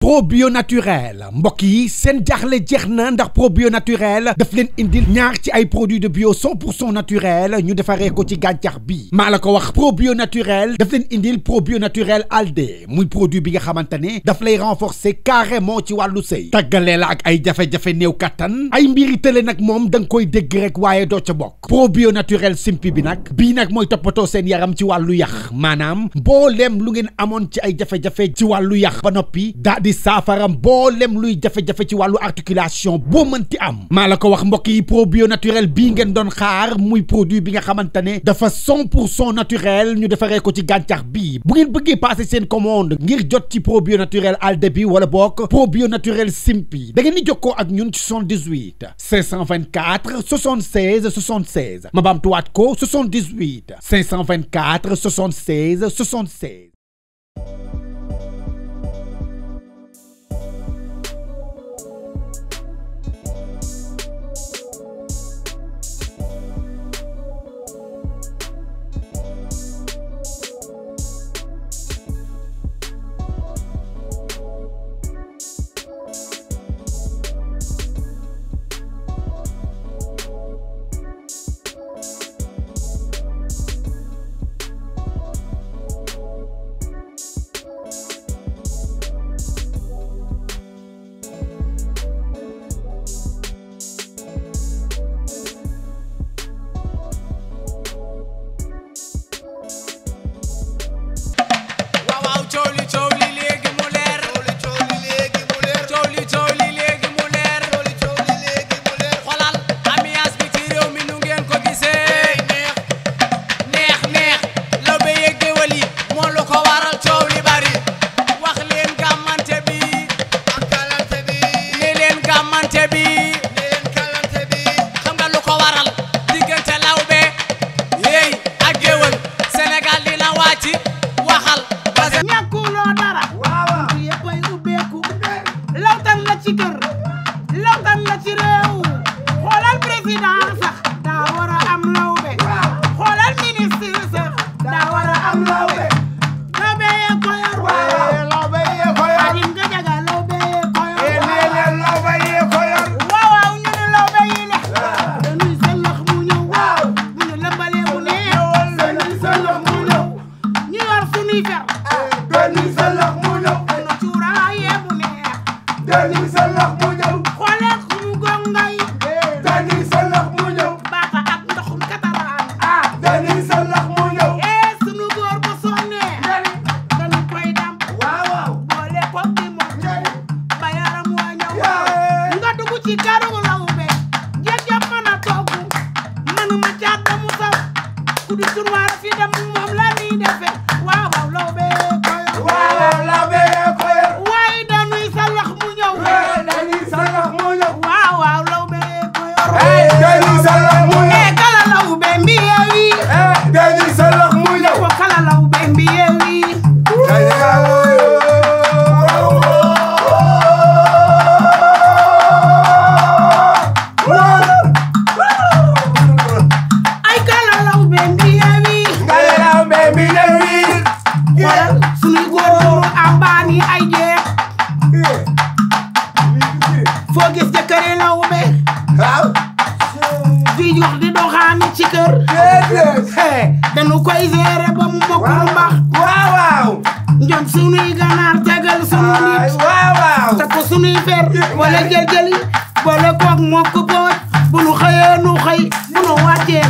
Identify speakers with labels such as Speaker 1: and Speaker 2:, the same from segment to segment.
Speaker 1: probio naturel mbokk sen seen jaaxle jeex ndax probio naturel daf leen
Speaker 2: indil ñaar ci ay produits de bio 100 naturel ñu defaree ko ci gantiar bi maa la ko wax probio naturel daf leen indil probio naturel alde muy produit bi nga xamante renforcer
Speaker 1: carrément ci walu sëy tàggalee la ak ay jafe-jafe new katan. ay mbiri tële nak mom dang koy dégg rek waaye doo bok. probio naturel simpi bi Binak bii nag mooy toppatoo seen yaram ci walu yakh. Manam, bolem lu ngeen ci ay jafe-jafe ci walu yakh. ba di saafara mboolem luy jafé jafé ci walu articulation boo ti am maa ko wax mbok yi probio naturel bi ngeen don xaar muy produit bi nga xamantane dafa 100 naturel ñu defaree ko ci gàncax bi bu ngeen bëggé passer seen commande ngir jot ci probio naturel al début
Speaker 2: wala bokk probio naturel simpi da ngeen di jokkoo ak ñun ci 78 524 76 76 ma baamtuwaat ko 78 524 76 76
Speaker 1: xëy munoo wàccee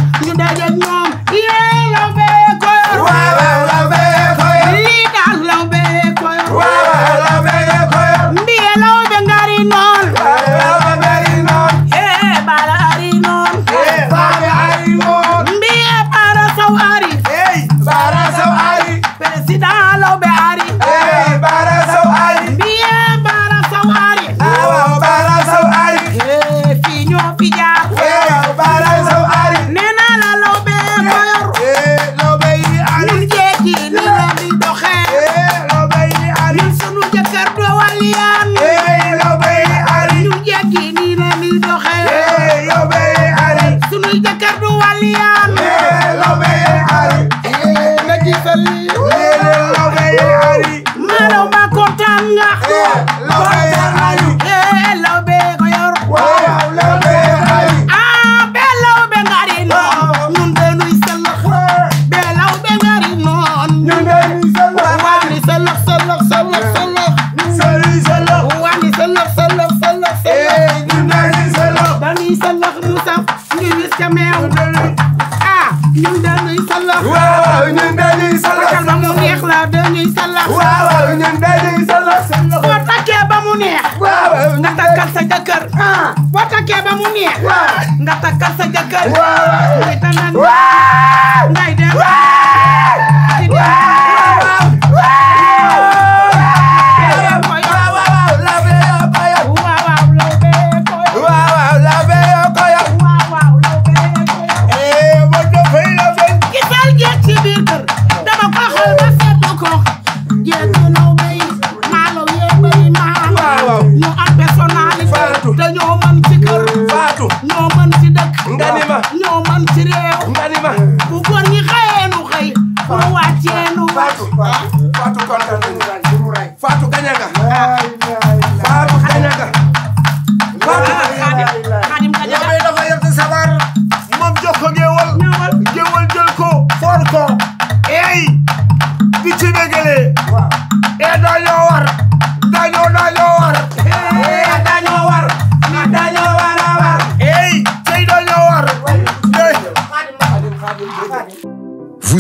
Speaker 1: dañuy salax mu saf ñu wis ca meew ah ñun dañuy salax waaw ñun dañuy salax ba mu neex la dañuy salax waaw ñun dañuy salax ah. boo takkee ba mu neex waaw nga takkal sa jëkkër boo takkee ba mu neex nga takkal sa jëkkër ci réew nga ni ma bu góor ñi xëyee nu xëy bu wàccee nu wàcc Fatou kontaan nañu Fatou gaña nga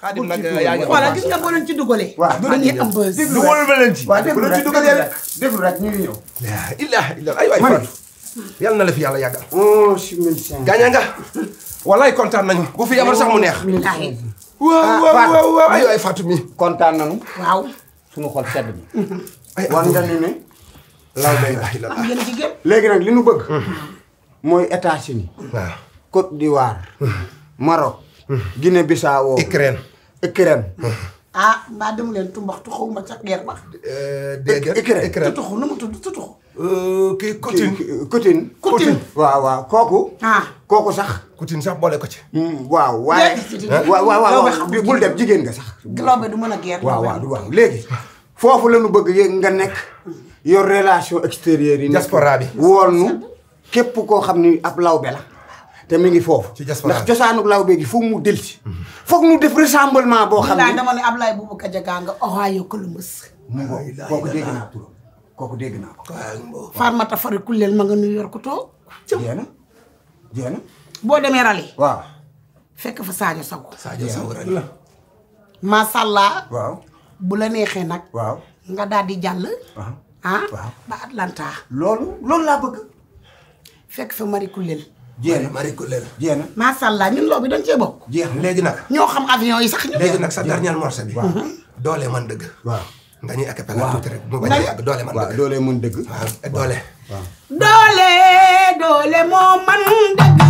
Speaker 2: xaadim nag yaa ngi voilà gis nga boo leen ci dugalee. waaw dinañu am bës. dugal ba leen ci. waaw déglu rek déglu ya ñu la fi ya oh si mille cinq. gaaña nga. walaay kontaan nañu. bu fi yabal sax mu neex.
Speaker 1: waaw ah, waaw waaw
Speaker 2: waaw ay waay Fatou mi. kontaan nañu. waaw. sunu xol sedd na. ay war nga ni ne. law day la ilaha am ngeen jigéen. léegi nag mm-hmm. mm-hmm. mm-hmm. Guinée Bissau. Ukraine. écrin.
Speaker 1: ah mbaa dem leen tumbaxtu xaw ma ca geer ba.
Speaker 2: déedéet écrin écrin tutuxu nu mu tudd tutuxu. Euh, kii ki Coutin. Coutin waaw waaw kooku. ah kooku sax. Coutin sax boole ko ci. Hmm, waaw waaye. waaw waaw waaw bul dem jigéen nga sax. loobe
Speaker 1: du mën a geer. waaw waaw
Speaker 2: waaw léegi. foofu la ñu bëgg yéeg nga nekk. yor relation extérieure yi. diaspora bi woon nu képp koo xam ni ab lawbe la. te mu ngi foofu. ci diaspora ndax la lawbe gi foog mu dellusi. foog mu def rassemblement boo xam ne. walaay dama
Speaker 1: ne Ablaye Boubacar Diakha nga Ohio Columbus.
Speaker 2: mu ngi kooku dégg naa turam kooku dégg ko. waaw
Speaker 1: Farmata ma nga New York boo demee Rali. waaw. fekk fa Sadio Sow. Sadio Sow Rali la. bu la neexee nag. waaw nga daal di jàll. Ah, ba Atlanta.
Speaker 2: loolu loolu
Speaker 1: laa bëgg. fekk fa Marie Kulel.
Speaker 2: jeex na Marie Couleur jeex allah ñun loo bi dañ cee léegi nag. ñoo xam avion yi sax ñu. léegi nag sa dernier morceau bi. waaw doole man dëgg. waaw nga ñuy acapella tuuti rek. mu bañ a yàgg doole man dëgg waaw doole mun dëgg. waaw doole.
Speaker 1: dëgg.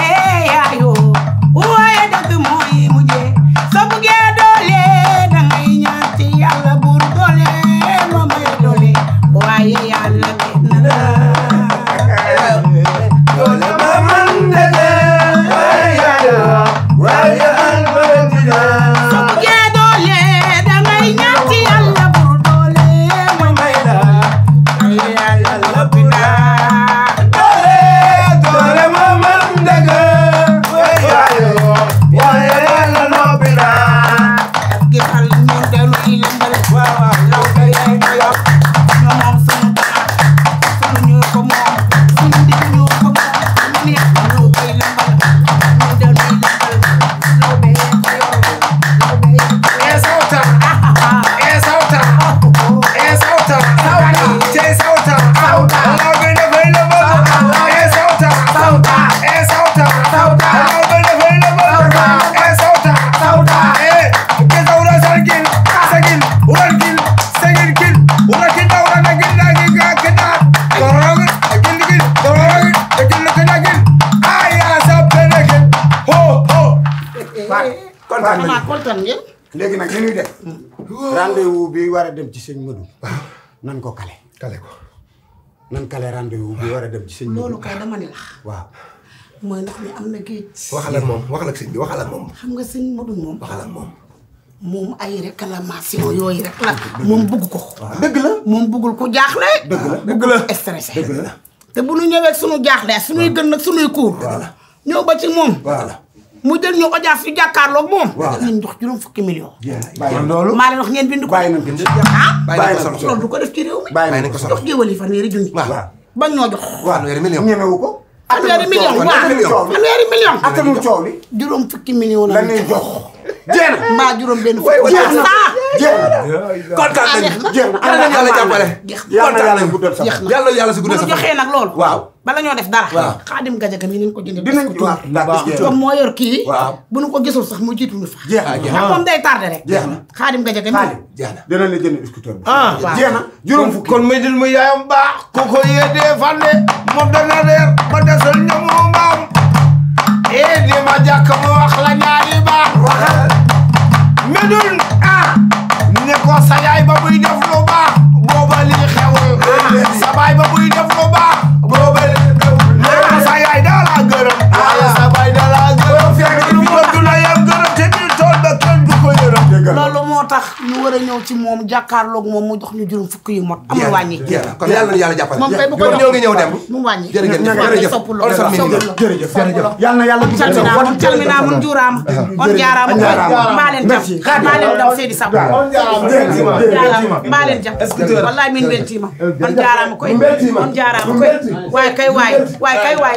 Speaker 1: eh yaayoo waaye dëgg mujjee
Speaker 2: dem ci sëñ Madou. Ah. nan ko kale. kale ko nan kale rendez-vous bi war a dem ci sëñ Madou. loolu kay dama ni la.
Speaker 1: mooy ndax mi am na géej. waxal ak moom
Speaker 2: waxal ak sëñ bi waxal ak moom.
Speaker 1: xam nga sëñ Madou moom. waxal ak moom. moom ay réclamation yooyu rek la
Speaker 2: moom bëgg ko. dëgg
Speaker 1: la moom bëggul ko jaaxle.
Speaker 2: dëgg la dëgg la stressé.
Speaker 1: dëgg la te bu nu ñëwee suñu jaaxle suñuy gën nag suñuy kuur. ñëw ba ci moom. mu jël ñu audience yu jàkkaarloog moom. waaw ngeen jox juróom fukki million. bàyyi loolu maa leen wax ngeen bind ko. bàyyi nañ ko ah bàyyi nañ ko loolu du ko def ci réew mi. bàyyi nañ ko soxla jox géwël yi fanweeri junni. waaw bañ ñoo jox. waaw fanweeri million ñemewu ko. fanweeri ah, million waaw fanweeri million. atamul coow li juróom fukki million la ñuy jox. jeex na mbaa juróom benn fukki jeex na jeex
Speaker 2: na kontaan ah, nañu jeex na yàlla yàlla jàppale kontaan nañu jeex na yàlla yàlla si guddee sa fan.
Speaker 1: bu ñu joxee nag loolu waaw bala ñoo def dara. waaw xaadim gajaka mi nañ ko jënd. dinañ ko waaw ndax gis comme moo yor kii. waaw bu nu ko gisul sax mu jiitu ñu fa. jeex na jeex na moom day tardé rek. jeex na xaadim gajaka mi. xaadim
Speaker 2: jeex na dinañ la jënd ah, mu dana leer ba desal ñoom maam. eh di ma
Speaker 1: jàkk wax la ñaari baax. waxal medul ah. war a ñëw ci moom jàkkaarloog moom mu jox ñu juróom fukk yu mot amul wàññi kon yàlla na yàlla jàppale moom kay bu ko ñëw nga ñëw dem mu wàññi jërëjëf soppuloo jërëjëf
Speaker 2: jërëjëf yàlla na yàlla on calmina mun juuraam on jaaraam mbaa leen jam mbaa leen dam seedi sab mbaa leen jam wallaay min mbeltiima on jaaraama koy on jaaraama koy
Speaker 1: waay kay waay waay kay waay